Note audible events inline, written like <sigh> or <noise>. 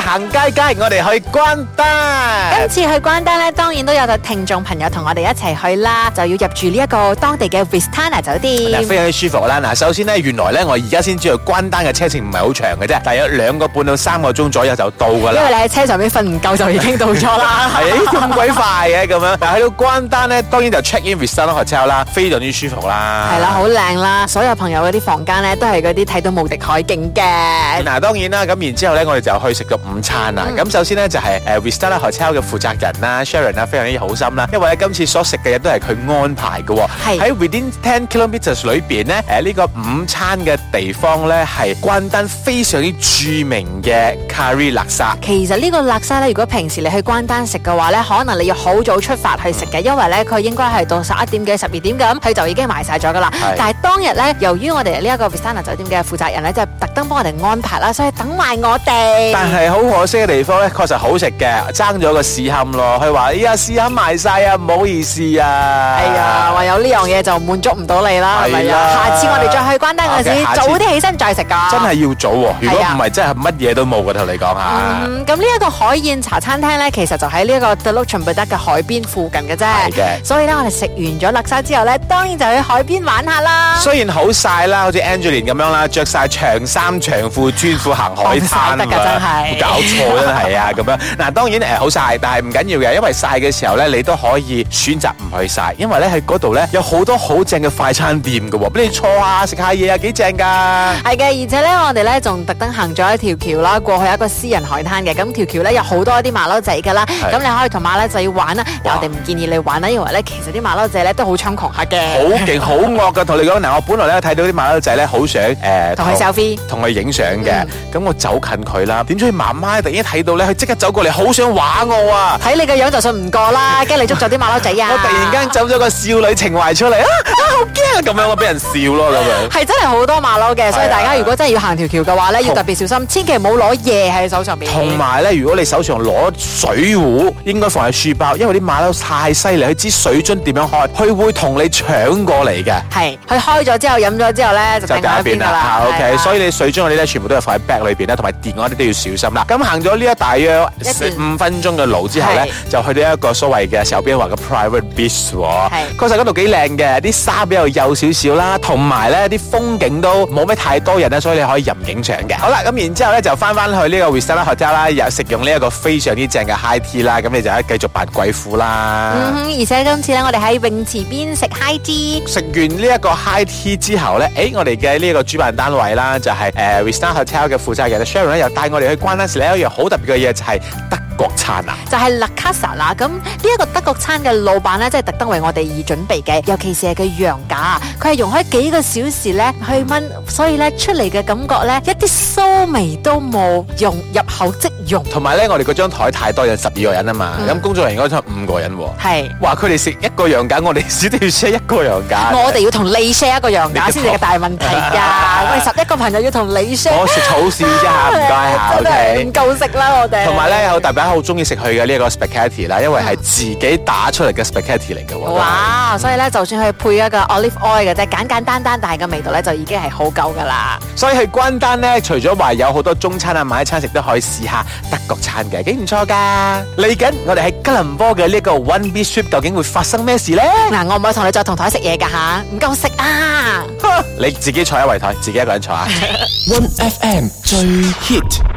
行街街，我哋去關丹。今次去關丹咧，當然都有個聽眾朋友同我哋一齊去啦，就要入住呢一個當地嘅 Vistana 酒店。非常之舒服啦。嗱，首先咧，原來咧我而家先知道關丹嘅車程唔係好長嘅啫，大約兩個半到三個鐘左右就到噶啦。因為你喺車上面瞓唔夠就已經到咗啦。係咁鬼快嘅、啊、咁樣。嗱，去到關丹咧，當然就 check in Vistana hotel 啦，非常之舒服啦。係啦，好靚啦，所有朋友嗰啲房間咧都係嗰啲睇到無敵海景嘅。嗱，當然啦，咁然之後咧我哋就去食。午餐啊，咁、嗯、首先呢，就係誒 Vistana Hotel 嘅負責人啦，Sharon 啦，非常之好心啦，因為今次所食嘅嘢都係佢安排嘅喺、哦、是 within ten kilometers 裏邊呢，誒、這、呢個午餐嘅地方呢，係關丹非常之著名嘅 Carri 拉沙。其實呢個拉沙呢，如果平時你去關丹食嘅話呢，可能你要好早出發去食嘅，嗯、因為呢，佢應該係到十一點幾、十二點咁，佢就已經賣晒咗噶啦。是但係當日呢，由於我哋呢一個 Vistana 酒店嘅負責人呢，就特登幫我哋安排啦，所以等埋我哋。但係。好可惜嘅地方咧，確實好食嘅，爭咗個市陷咯。佢話，哎呀市陷賣晒啊，唔好意思啊。哎呀，唯有呢樣嘢就滿足唔到你啦。係咪啦？吧下次我哋再去關丹嗰時，okay, 早啲起身再食噶。真係要早、哦，如果唔係呀真係乜嘢都冇。我同你講下，咁呢一個海燕茶餐廳咧，其實就喺呢一個德魯淳貝德嘅海邊附近嘅啫。係嘅的。所以咧，我哋食完咗垃圾之後咧，當然就去海邊玩下啦。雖然好晒啦，好似 Angelin 咁樣啦，着晒長衫長褲專褲行海灘。得噶 <laughs> 真係。 <laughs> 搞錯啦，係 <laughs> 啊咁樣嗱，當然誒好晒，但係唔緊要嘅，因為晒嘅時候咧，你都可以選擇唔去晒，因為咧喺嗰度咧有好多好正嘅快餐店嘅喎，畀你坐下食下嘢啊，幾正㗎？係嘅，而且咧我哋咧仲特登行咗一條橋啦，過去一個私人海灘嘅，咁條橋咧有好多啲馬騮仔㗎啦，咁是你可以同馬騮仔玩啦，但哇我哋唔建議你玩啦，因為咧其實啲馬騮仔咧都好猖狂下嘅，好勁好惡㗎同你講嗱，呃，我本來咧睇到啲馬騮仔咧好想誒同佢同佢影相嘅，咁我走近佢啦，點阿媽突然間睇到咧，佢即刻走過嚟，好想玩我啊！睇你個樣就信唔過啦，驚你捉咗啲馬騮仔啊！ <laughs> 我突然間走咗個少女情懷出嚟啊，啊！好驚啊！咁樣咯，俾人笑咯咁樣。係 <laughs> 真係好多馬騮嘅，啊、所以大家如果真係要行條橋嘅話咧，同要特別小心，千祈唔好攞嘢喺手上邊。同埋咧，如果你手上攞水壺，應該放喺書包，因為啲馬騮太犀利，佢知水樽點樣開，佢會同你搶過嚟嘅。係，佢開咗之後飲咗之後咧，就搞掂邊啦。啊、o、okay, k、啊、所以你水樽嗰啲咧，全部都係放喺 bag 裏邊咧，同埋電話嗰啲都要小心。咁行咗呢一大約四五分鐘嘅路之後呢，是就去到一個所謂嘅手邊話嘅 private beach 喎。確是實嗰度幾靚嘅，啲沙比較幼少少啦，同埋呢啲風景都冇咩太多人啦，所以你可以入影相嘅。好啦，咁然之後呢就翻翻去呢個 Restana Hotel 啦，又食用呢一個非常之正嘅 high tea 啦，咁你就可以繼續扮貴婦啦。嗯哼，而且今次呢，我哋喺泳池邊食。High tea，食完呢一個 high tea 之後咧，誒、欸，我哋嘅呢一個主辦單位啦，就係、是、誒 Resta、呃、r t Hotel 嘅負責人 Sharon 咧，又帶我哋去關丹士乃，有好特別嘅嘢，就係、是國餐啊，就係辣卡沙啦。咁呢一個德國餐嘅老闆咧，真係特登為我哋而準備嘅。尤其是係嘅羊架啊，佢係用開幾個小時咧去燜，所以咧出嚟嘅感覺咧一啲臊味都冇，融入口即溶。同埋咧，我哋嗰張台太多人，有十二個人啊嘛，咁工作人員就五個人。係話佢哋食一個羊架，我哋少啲要 share 一個羊架。我哋要同你 share 一個羊架先係個大問題噶。喂，十一個朋友要同你 share。我食草料啫，唔該吓。我哋唔夠食啦，我哋。同埋咧有特別。好中意食佢嘅呢一個 spaghetti 啦，因為係自己打出嚟嘅 spaghetti 嚟嘅喎。哇！是所以咧，嗯、就算佢配一個 olive oil 嘅啫，簡簡單單，但係個味道咧就已經係好夠噶啦。所以去關丹咧，除咗話有好多中餐啊，買餐食都可以試下德國餐嘅，幾唔錯噶。嚟緊，我哋喺吉隆坡嘅呢個 One Biz Trip 究竟會發生咩事咧？嗱、啊，我唔可以同你再同台食嘢噶吓，唔夠食啊！啊 <laughs> 你自己坐喺圍台，自己一個人坐啊！One FM 最 hit。